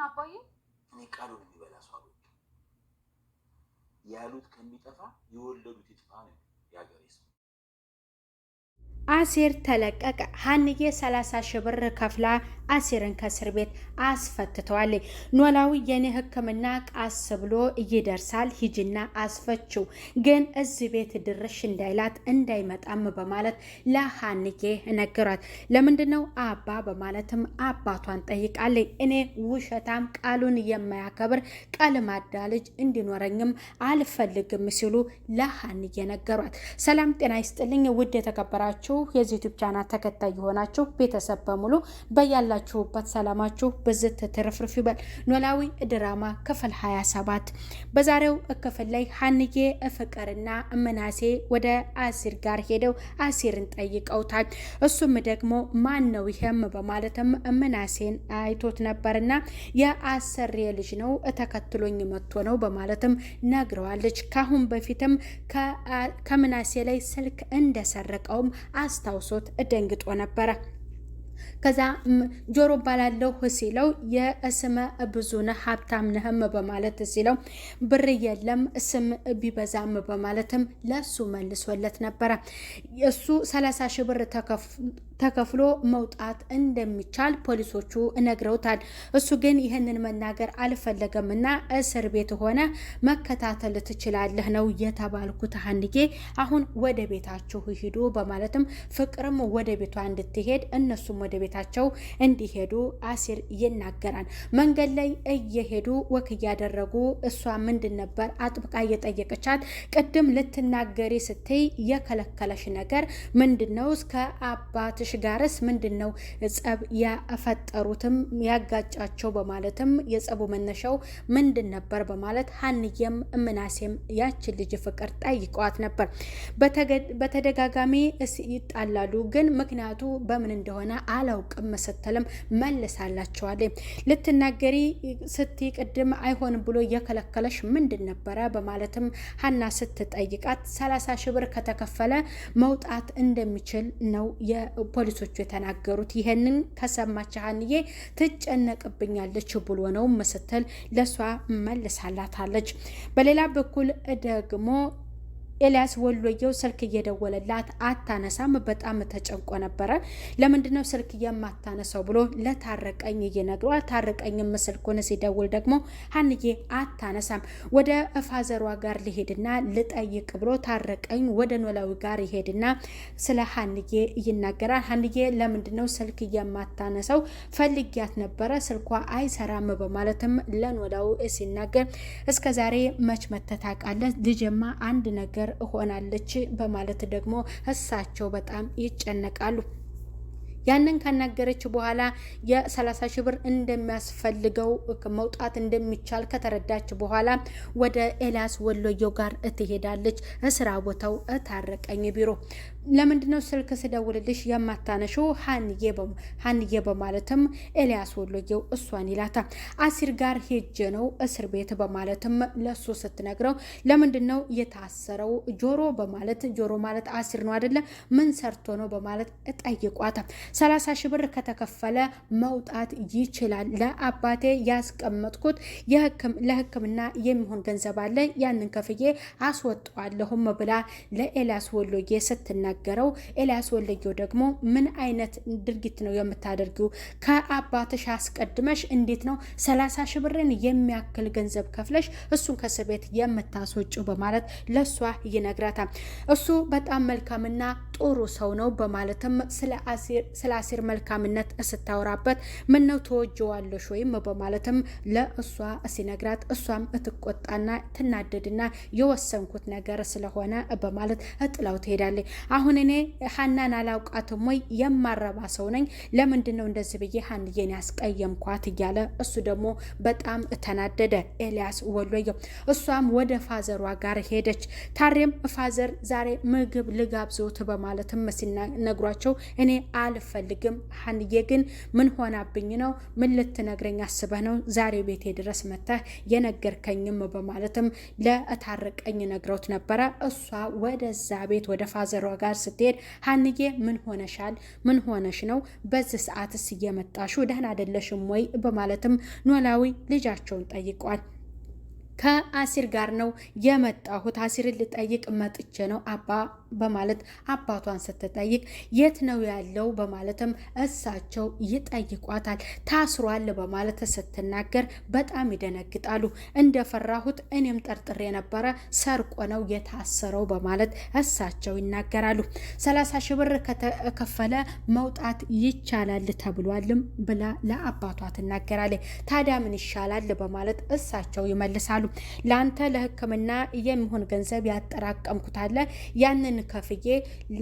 ምን አባዬ፣ እኔ ቃሉን የሚበላ ሰው አልወድም። ያሉት ከሚጠፋ የወለዱት ይጥፋ ነው የሀገሬ ሰው። አሴር ተለቀቀ። ሀንዬ 30 ሺህ ብር ከፍላ አሴርን ከእስር ቤት አስፈትተዋል። ኖላዊ የኔ ሕክምና ቃስ ብሎ ይደርሳል ሂጅና አስፈችው፣ ግን እዚህ ቤት ድርሽ እንዳይላት እንዳይመጣም በማለት ለሀንዬ ነገሯት። ለምንድን ነው አባ በማለትም አባቷን ጠይቃለች። እኔ ውሸታም፣ ቃሉን የማያከብር ቃል ልጅ እንዲኖረኝም አልፈልግም ሲሉ ለሀንዬ ነገሯት። ሰላም ጤና ይስጥልኝ ውድ የተከበራችሁ የዚህ ዩቲዩብ ቻናል ተከታይ የሆናችሁ ቤተሰብ በሙሉ በያላችሁበት ሰላማችሁ ብዝት ትርፍርፍ ይበል። ኖላዊ ድራማ ክፍል 27 በዛሬው ክፍል ላይ ሀንዬ ፍቅርና ምናሴ ወደ አሲር ጋር ሄደው አሲርን ጠይቀውታል። እሱም ደግሞ ማን ነው ይህም በማለትም ምናሴን አይቶት ነበርና የአሰሬ ልጅ ነው ተከትሎኝ መጥቶ ነው በማለትም ነግረዋለች። ካሁን በፊትም ከምናሴ ላይ ስልክ እንደሰረቀውም አስታውሶት ደንግጦ ነበረ። ከዛ ጆሮ ባላለው ሲለው የስመ ብዙ ነህ ሀብታም ነህም በማለት ሲለው ብር የለም ስም ቢበዛም በማለትም ለሱ መልሶለት ነበረ። እሱ ሰላሳ ሺህ ብር ተከፍሎ መውጣት እንደሚቻል ፖሊሶቹ ነግረውታል። እሱ ግን ይህንን መናገር አልፈለገም እና እስር ቤት ሆነ መከታተል ትችላለህ ነው የተባልኩት። ሀንጌ አሁን ወደ ቤታችሁ ሂዱ በማለትም ፍቅርም ወደ ቤቷ እንድትሄድ እነሱም ወደ ቤታቸው እንዲሄዱ አሲር ይናገራል። መንገድ ላይ እየሄዱ ወክ እያደረጉ እሷ ምንድን ነበር አጥብቃ እየጠየቀቻት ቅድም ልትናገሪ ስትይ የከለከለሽ ነገር ምንድን ነው እስከ አባትሽ ከአብርሽ ጋርስ ምንድን ነው ጸብ ያፈጠሩትም ያጋጫቸው በማለትም የጸቡ መነሻው ምንድን ነበር በማለት ሀንዬም ምናሴም ያችን ልጅ ፍቅር ጠይቀዋት ነበር። በተደጋጋሚ ይጣላሉ፣ ግን ምክንያቱ በምን እንደሆነ አላውቅም ስትልም መልሳላቸዋለች። ልትናገሪ ስቲ ቅድም አይሆን ብሎ የከለከለሽ ምንድን ነበረ በማለትም ሀና ስትጠይቃት ሰላሳ ሺህ ብር ከተከፈለ መውጣት እንደሚችል ነው ፖሊሶቹ የተናገሩት። ይህንን ከሰማች ሀንዬ ትጨነቅብኛለች ብሎ ነው ምስትል ለሷ መልሳላታለች። በሌላ በኩል ደግሞ ኤልያስ ወሎየው ስልክ እየደወለላት አታነሳም። በጣም ተጨንቆ ነበረ። ለምንድነው ነው ስልክ የማታነሳው ብሎ ለታረቀኝ እየነግረዋል። ታረቀኝም ስልኩን ሲደውል ደግሞ ሀንዬ አታነሳም፣ ወደ ፋዘሯ ጋር ሊሄድና ልጠይቅ ብሎ ታረቀኝ ወደ ኖላዊ ጋር ይሄድና ስለ ሀንዬ ይናገራል። ሀንዬ ለምንድን ነው ስልክ የማታነሳው? ፈልጊያት ነበረ ስልኳ አይሰራም በማለትም ለኖላዊ ሲናገር እስከዛሬ መች መተታቃለ ልጀማ አንድ ነገር ነገር እሆናለች በማለት ደግሞ እሳቸው በጣም ይጨነቃሉ። ያንን ካናገረች በኋላ የ30 ሺህ ብር እንደሚያስፈልገው መውጣት እንደሚቻል ከተረዳች በኋላ ወደ ኤልያስ ወሎየው ጋር ትሄዳለች። እስራ ቦታው ታረቀኝ ቢሮ ለምንድነው ስልክ ስደውልልሽ የማታነሽው? ሀንዬ በማለትም ኤልያስ ወሎየው እሷን ይላታ አሲር ጋር ሄጀ ነው እስር ቤት በማለትም ለሱ ስትነግረው ለምንድነው የታሰረው ጆሮ በማለት ጆሮ ማለት አሲር ነው አደለ? ምን ሰርቶ ነው በማለት ጠይቋታ። ሰላሳ ሺ ብር ከተከፈለ መውጣት ይችላል። ለአባቴ ያስቀመጥኩት ለሕክምና የሚሆን ገንዘብ አለ ያንን ከፍዬ አስወጠዋለሁም ብላ ለኤልያስ ወሎዬ ስትና የሚናገረው። ኤልያስ ወለየው ደግሞ ምን አይነት ድርጊት ነው የምታደርጊው? ከአባትሽ አስቀድመሽ እንዴት ነው ሰላሳ ሺህ ብርን የሚያክል ገንዘብ ከፍለሽ እሱን ከእስር ቤት የምታስወጪው? በማለት ለእሷ ይነግራታል። እሱ በጣም መልካምና ጥሩ ሰው ነው በማለትም ስለ አሲር መልካምነት ስታወራበት ምነው ተወጀዋለሽ ወይም በማለትም ለእሷ ሲነግራት እሷም እትቆጣና ትናደድና የወሰንኩት ነገር ስለሆነ በማለት ጥላው ትሄዳለች። አሁን እኔ ሀናን አላውቃትም ወይ የማረባ ሰው ነኝ? ለምንድን ነው እንደዚህ ብዬ ሀንዬን ያስቀየምኳት? እያለ እሱ ደግሞ በጣም ተናደደ። ኤልያስ ወሎየው እሷም ወደ ፋዘሯ ጋር ሄደች። ታሬም ፋዘር ዛሬ ምግብ ልጋብዘውት በማለትም ሲነግሯቸው እኔ አልፈልግም፣ ሀንዬ ግን ምን ሆናብኝ ነው? ምን ልትነግረኝ አስበህ ነው ዛሬ ቤቴ ድረስ መተህ የነገርከኝም? በማለትም ለታረቀኝ ነግረውት ነበረ። እሷ ወደዛ ቤት ወደ ፋዘሯ ጋር ጋር ስትሄድ ሀንዬ ምን ሆነሻል? ምን ሆነሽ ነው? በዚህ ሰዓትስ እየመጣሹ ደህና አይደለሽም ወይ? በማለትም ኖላዊ ልጃቸውን ጠይቋል። ከአሲር ጋር ነው የመጣሁት። አሲርን ልጠይቅ መጥቼ ነው አባ በማለት አባቷን ስትጠይቅ የት ነው ያለው በማለትም እሳቸው ይጠይቋታል። ታስሯል በማለት ስትናገር በጣም ይደነግጣሉ። እንደፈራሁት እኔም ጠርጥሬ የነበረ ሰርቆ ነው የታሰረው በማለት እሳቸው ይናገራሉ። ሰላሳ ሺህ ብር ከተከፈለ መውጣት ይቻላል ተብሏልም ብላ ለአባቷ ትናገራለች። ታዲያ ምን ይሻላል በማለት እሳቸው ይመልሳሉ። ለአንተ ለህክምና የሚሆን ገንዘብ ያጠራቀምኩት አለ ያንን ከፍዬ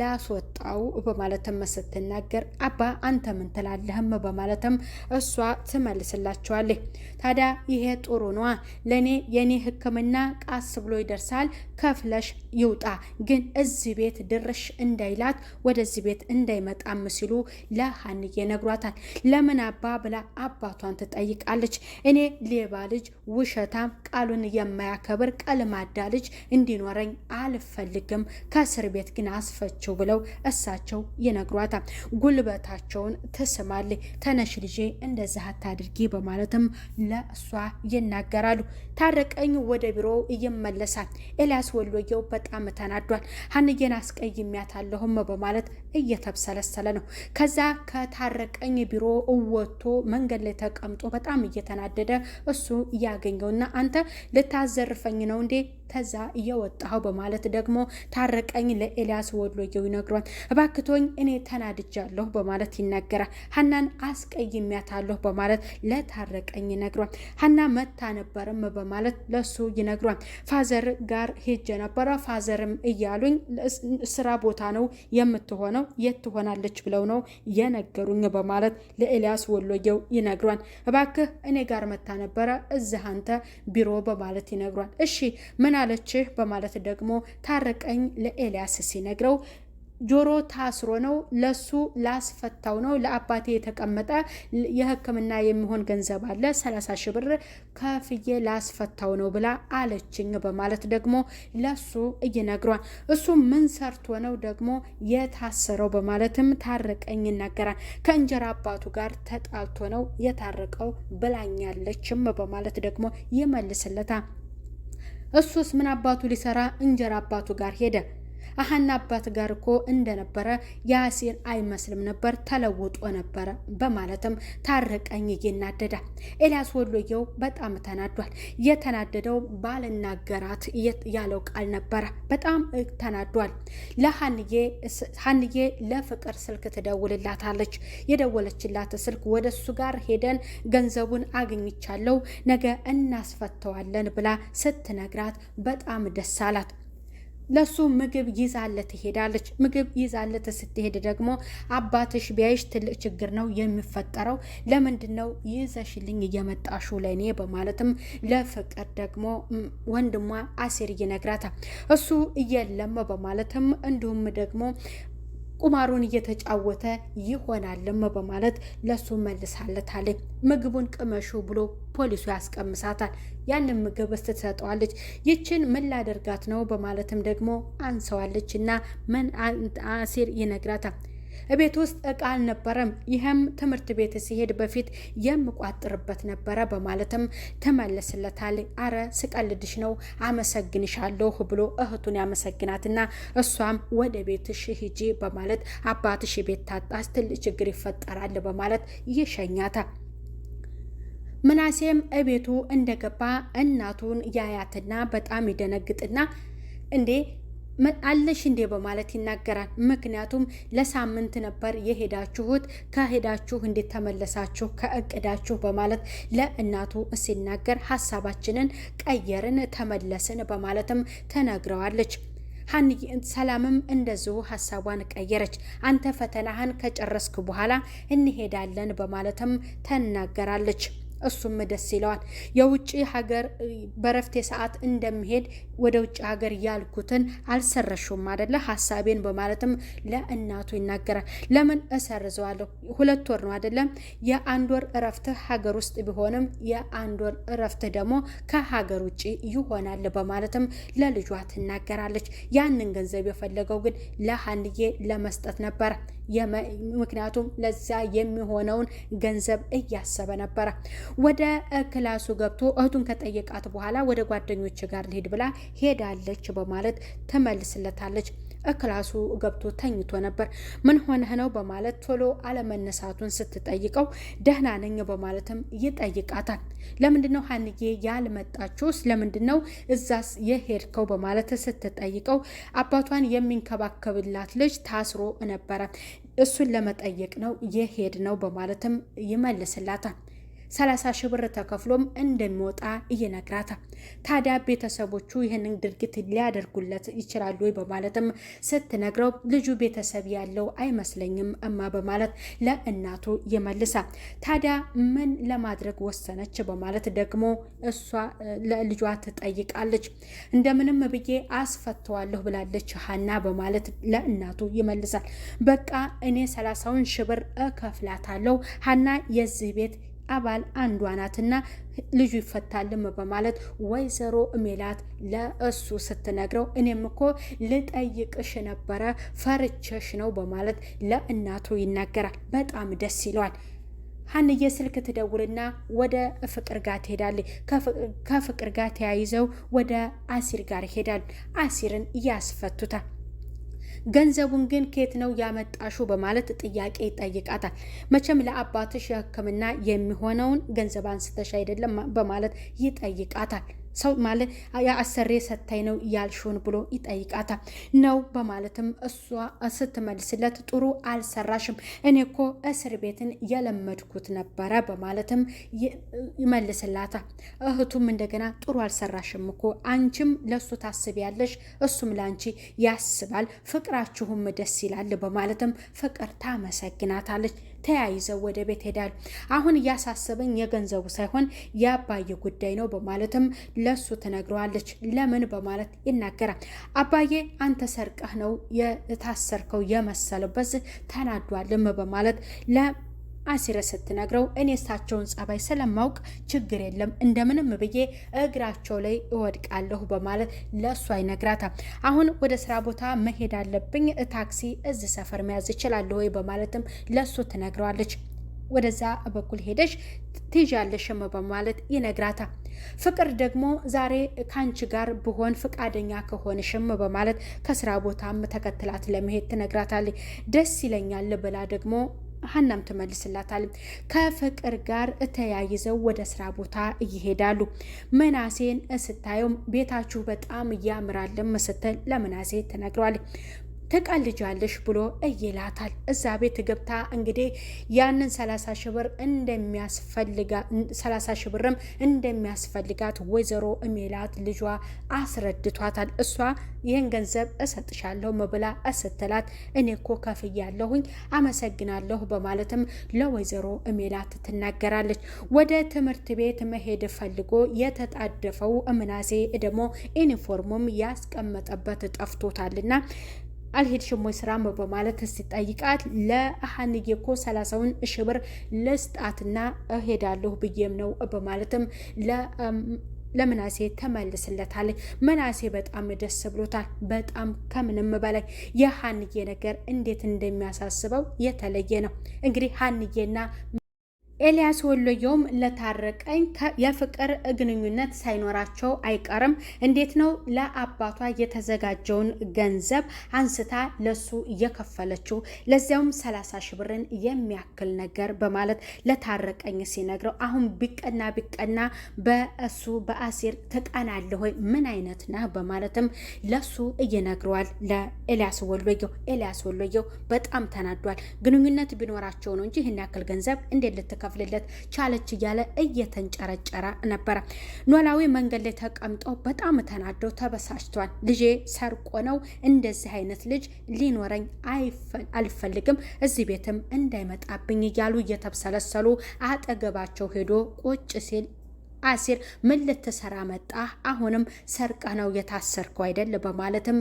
ላስወጣው በማለትም ስትናገር አባ አንተ ምን ትላለህም በማለትም እሷ ትመልስላቸዋለች። ታዲያ ይሄ ጥሩ ነዋ ለእኔ የእኔ ህክምና ቃስ ብሎ ይደርሳል ከፍለሽ ይውጣ፣ ግን እዚህ ቤት ድርሽ እንዳይላት ወደዚህ ቤት እንዳይመጣም ሲሉ ለሀንዬ ነግሯታል። ለምን አባ ብላ አባቷን ትጠይቃለች። እኔ ሌባ ልጅ፣ ውሸታም፣ ቃሉን የማያከብር ቀልማዳ ልጅ እንዲኖረኝ አልፈልግም፣ ከእስር ቤት ግን አስፈችው ብለው እሳቸው ይነግሯታል። ጉልበታቸውን ትስማለች። ተነሽ ልጄ እንደዚህ አታድርጊ በማለትም ለእሷ ይናገራሉ። ታረቀኝ ወደ ቢሮው ይመለሳል። ኤልያስ ወሎየው በጣም ተናዷል። ሀንዬን አስቀይሜያታለሁም በማለት እየተብሰለሰለ ነው። ከዛ ከታረቀኝ ቢሮ እወጥቶ መንገድ ላይ ተቀምጦ በጣም እየተናደደ እሱ ያገኘውና አንተ ልታዘርፈኝ ነው እንዴ ከዛ እየወጣኸው በማለት ደግሞ ታረቀኝ ለኤልያስ ወሎየው ይነግሯል። እባክቶኝ እኔ ተናድጃለሁ በማለት ይናገራል። ሀናን አስቀይሜያታለሁ በማለት ለታረቀኝ ይነግሯል። ሀና መታ ነበርም በማለት ለሱ ይነግሯል። ፋዘር ጋር ሄጄ ነበረ ፋዘርም እያሉኝ ስራ ቦታ ነው የምትሆነው፣ የት ትሆናለች ብለው ነው የነገሩኝ በማለት ለኤልያስ ወሎየው ይነግሯል። እባክህ እኔ ጋር መታ ነበረ እዚህ አንተ ቢሮ በማለት ይነግሯል። እሺ ምን አለችህ በማለት ደግሞ ታረቀኝ ለኤልያስ ሲነግረው ጆሮ ታስሮ ነው ለሱ ላስፈታው ነው። ለአባቴ የተቀመጠ የሕክምና የሚሆን ገንዘብ አለ ሰላሳ ሺህ ብር ከፍዬ ላስፈታው ነው ብላ አለችኝ በማለት ደግሞ ለሱ ይነግሯል። እሱ ምን ሰርቶ ነው ደግሞ የታሰረው በማለትም ታርቀኝ ይናገራል። ከእንጀራ አባቱ ጋር ተጣልቶ ነው የታረቀው ብላኛለችም በማለት ደግሞ ይመልስለታል። እሱስ ምን አባቱ ሊሰራ እንጀራ አባቱ ጋር ሄደ አሀና አባት ጋር እኮ እንደነበረ ያሲር አይመስልም ነበር፣ ተለውጦ ነበረ በማለትም ታረቀኝ ይናደዳ። ኤልያስ ወሎየው በጣም ተናዷል። የተናደደው ባልናገራት ያለው ቃል ነበረ። በጣም ተናዷል። ለሀንዬ ለፍቅር ስልክ ትደውልላታለች። የደወለችላት ስልክ ወደ እሱ ጋር ሄደን ገንዘቡን አግኝቻለሁ ነገ እናስፈተዋለን ብላ ስትነግራት በጣም ደስ አላት። ለሱ ምግብ ይዛለት ትሄዳለች። ምግብ ይዛለት ስትሄድ ደግሞ አባትሽ ቢያይሽ ትልቅ ችግር ነው የሚፈጠረው፣ ለምንድን ነው ይዘሽልኝ እየመጣሹ ለእኔ? በማለትም ለፍቅር ደግሞ ወንድሟ አሴር ይነግራታል። እሱ የለም በማለትም እንዲሁም ደግሞ ቁማሩን እየተጫወተ ይሆናልም በማለት ለሱ መልሳለታለች። ምግቡን ቅመሹ ብሎ ፖሊሱ ያስቀምሳታል። ያንን ምግብ ስትሰጠዋለች ይችን ምን ላደርጋት ነው በማለትም ደግሞ አንሰዋለች እና ምን አሲር ይነግራታል። እቤት ውስጥ እቃ አልነበረም። ይህም ትምህርት ቤት ሲሄድ በፊት የምቋጥርበት ነበረ በማለትም ትመልስለታል። አረ ስቀልድሽ ነው አመሰግንሻለሁ ብሎ እህቱን ያመሰግናትና እሷም ወደ ቤትሽ ሂጂ በማለት አባትሽ ቤት ታጣስ ትልቅ ችግር ይፈጠራል በማለት ይሸኛታል። ምናሴም እቤቱ እንደገባ እናቱን ያያትና በጣም ይደነግጥና እንዴ አለሽ እንዴ በማለት ይናገራል። ምክንያቱም ለሳምንት ነበር የሄዳችሁት ከሄዳችሁ እንዴት ተመለሳችሁ ከእቅዳችሁ በማለት ለእናቱ ሲናገር ሀሳባችንን ቀየርን ተመለስን በማለትም ተነግረዋለች። ሰላምም እንደዚሁ ሀሳቧን ቀየረች። አንተ ፈተናህን ከጨረስክ በኋላ እንሄዳለን በማለትም ተናገራለች። እሱም ደስ ይለዋል። የውጭ ሀገር በረፍቴ ሰዓት እንደሚሄድ ወደ ውጭ ሀገር ያልኩትን አልሰረሹም አደለ ሀሳቤን በማለትም ለእናቱ ይናገራል። ለምን እሰርዘዋለሁ? ሁለት ወር ነው አደለም? የአንድ ወር እረፍትህ ሀገር ውስጥ ቢሆንም የአንድ ወር እረፍትህ ደግሞ ከሀገር ውጭ ይሆናል በማለትም ለልጇ ትናገራለች። ያንን ገንዘብ የፈለገው ግን ለሀንዬ ለመስጠት ነበረ። ምክንያቱም ለዛ የሚሆነውን ገንዘብ እያሰበ ነበረ። ወደ ክላሱ ገብቶ እህቱን ከጠየቃት በኋላ ወደ ጓደኞች ጋር ልሄድ ብላ ሄዳለች በማለት ተመልስለታለች። ክላሱ ገብቶ ተኝቶ ነበር። ምን ሆነህ ነው በማለት ቶሎ አለመነሳቱን ስትጠይቀው ደህና ነኝ በማለትም ይጠይቃታል። ለምንድነው ሀንዬ ያልመጣችውስ? ለምንድነው እዛስ የሄድከው በማለት ስትጠይቀው አባቷን የሚንከባከብላት ልጅ ታስሮ ነበረ፣ እሱን ለመጠየቅ ነው የሄድ ነው በማለትም ይመልስላታል። ሰላሳ ሺህ ብር ተከፍሎም እንደሚወጣ እየነግራታ ታዲያ ቤተሰቦቹ ይህንን ድርጊት ሊያደርጉለት ይችላሉ ወይ በማለትም ስትነግረው ልጁ ቤተሰብ ያለው አይመስለኝም እማ በማለት ለእናቱ ይመልሳ ታዲያ ምን ለማድረግ ወሰነች በማለት ደግሞ እሷ ለልጇ ትጠይቃለች። እንደምንም ብዬ አስፈተዋለሁ ብላለች ሀና በማለት ለእናቱ ይመልሳል። በቃ እኔ ሰላሳውን ሺህ ብር እከፍላታለሁ ሀና የዚህ ቤት አባል አንዷ ናትና ልጁ ይፈታልም በማለት ወይዘሮ ሜላት ለእሱ ስትነግረው እኔም እኮ ልጠይቅሽ ነበረ ፈርቸሽ ነው በማለት ለእናቱ ይናገራል። በጣም ደስ ይለዋል። ሀንዬ ስልክ ትደውልና ወደ ፍቅር ጋር ትሄዳለች። ከፍቅር ጋር ተያይዘው ወደ አሲር ጋር ይሄዳል። አሲርን ያስፈቱታል። ገንዘቡን ግን ኬት ነው ያመጣሹ በማለት ጥያቄ ይጠይቃታል። መቼም ለአባትሽ የሕክምና የሚሆነውን ገንዘብ አንስተሽ አይደለም በማለት ይጠይቃታል። ሰው ማለት አሰሬ ሰታይ ነው ያልሽውን ብሎ ይጠይቃታል። ነው በማለትም እሷ ስትመልስለት ጥሩ አልሰራሽም፣ እኔ እኮ እስር ቤትን የለመድኩት ነበረ በማለትም ይመልስላታል። እህቱም እንደገና ጥሩ አልሰራሽም እኮ አንቺም ለሱ ታስቢያለሽ፣ እሱም ለአንቺ ያስባል፣ ፍቅራችሁም ደስ ይላል በማለትም ፍቅር ታመሰግናታለች። ተያይዘው ወደ ቤት ሄዳል። አሁን እያሳሰበኝ የገንዘቡ ሳይሆን የአባዬ ጉዳይ ነው በማለትም ለሱ ትነግረዋለች። ለምን በማለት ይናገራል። አባዬ አንተ ሰርቀህ ነው የታሰርከው የመሰለበት ተናዷልም በማለት አሲረ ስትነግረው እኔ እሳቸውን ጸባይ ስለማውቅ ችግር የለም እንደምንም ብዬ እግራቸው ላይ እወድቃለሁ በማለት ለእሷ አይነግራታ አሁን ወደ ስራ ቦታ መሄድ አለብኝ፣ ታክሲ እዚህ ሰፈር መያዝ እችላለሁ ወይ በማለትም ለእሱ ትነግረዋለች። ወደዛ በኩል ሄደሽ ትይዣለሽም በማለት ይነግራታ። ፍቅር ደግሞ ዛሬ ከአንቺ ጋር ብሆን ፈቃደኛ ከሆንሽም በማለት ከስራ ቦታም ተከትላት ለመሄድ ትነግራታለች። ደስ ይለኛል ብላ ደግሞ ሀናም ትመልስላታል። ከፍቅር ጋር እተያይዘው ወደ ስራ ቦታ ይሄዳሉ። ምናሴን ስታየውም ቤታችሁ በጣም እያምራልም ስትል ለምናሴ ትነግረዋል። ትቀልጃለሽ ብሎ እይላታል። እዛ ቤት ገብታ እንግዲህ ያንን ሰላሳ ሺህ ብር እንደሚያስፈልጋ ሰላሳ ሺህ ብርም እንደሚያስፈልጋት ወይዘሮ ሜላት ልጇ አስረድቷታል። እሷ ይህን ገንዘብ እሰጥሻለሁ መብላ እስትላት እኔ እኮ ከፍያለሁኝ አመሰግናለሁ በማለትም ለወይዘሮ ሜላት ትናገራለች። ወደ ትምህርት ቤት መሄድ ፈልጎ የተጣደፈው ምናሴ ደግሞ ዩኒፎርሙም ያስቀመጠበት ጠፍቶታልና አልሄድሽም ወይ ስራም በማለት ሲጠይቃት ለአሀንዬ እኮ ሰላሳውን ሺ ብር ልስጣትና እሄዳለሁ ብዬም ነው በማለትም ለምናሴ ተመልስለታል። ምናሴ በጣም ደስ ብሎታል። በጣም ከምንም በላይ የሀንዬ ነገር እንዴት እንደሚያሳስበው የተለየ ነው። እንግዲህ ሀንዬና ኤልያስ ወሎየውም ለታረቀኝ የፍቅር ግንኙነት ሳይኖራቸው አይቀርም። እንዴት ነው ለአባቷ የተዘጋጀውን ገንዘብ አንስታ ለሱ እየከፈለችው ለዚያውም 30 ሺህ ብርን የሚያክል ነገር በማለት ለታረቀኝ ሲነግረው አሁን ቢቀና ቢቀና በእሱ በአሲር ትቀናለህ ሆይ ምን አይነት ነህ በማለትም ለሱ እየነግረዋል ለኤልያስ ወሎየው። ኤልያስ ወሎየው በጣም ተናዷል። ግንኙነት ቢኖራቸው ነው እንጂ ይህን ያክል ገንዘብ እንዴት ልትከ ልትከፍልለት ቻለች እያለ እየተንጨረጨረ ነበረ። ኖላዊ መንገድ ላይ ተቀምጠው በጣም ተናደው ተበሳጭቷል። ልጄ ሰርቆ ነው እንደዚህ አይነት ልጅ ሊኖረኝ አልፈልግም፣ እዚህ ቤትም እንዳይመጣብኝ እያሉ እየተብሰለሰሉ አጠገባቸው ሄዶ ቁጭ ሲል አሲር ምን ልትሰራ መጣ? አሁንም ሰርቀ ነው የታሰርከው አይደል? በማለትም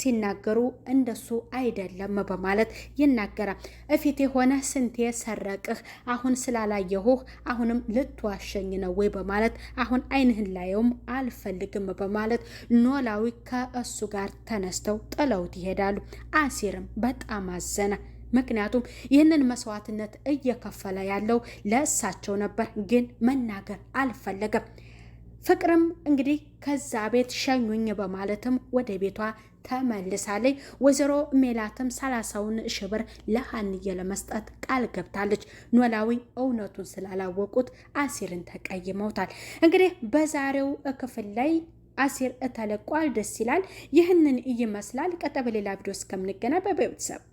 ሲናገሩ እንደሱ አይደለም በማለት ይናገራል። እፊት የሆነ ስንቴ ሰረቅህ፣ አሁን ስላላየሁህ አሁንም ልትዋሸኝ ነው ወይ? በማለት አሁን አይንህን ላየውም አልፈልግም በማለት ኖላዊ ከእሱ ጋር ተነስተው ጥለውት ይሄዳሉ። አሲርም በጣም አዘነ። ምክንያቱም ይህንን መስዋዕትነት እየከፈለ ያለው ለእሳቸው ነበር፣ ግን መናገር አልፈለገም። ፍቅርም እንግዲህ ከዛ ቤት ሸኙኝ በማለትም ወደ ቤቷ ተመልሳለች። ወይዘሮ ሜላትም ሰላሳውን ሺህ ብር ለሀንዬ ለመስጠት ቃል ገብታለች። ኖላዊ እውነቱን ስላላወቁት አሲርን ተቀይመውታል። እንግዲህ በዛሬው ክፍል ላይ አሲር ተለቋል። ደስ ይላል። ይህንን ይመስላል። ቀጣይ በሌላ ቪዲዮ እስከምንገናኝ በቤተሰብ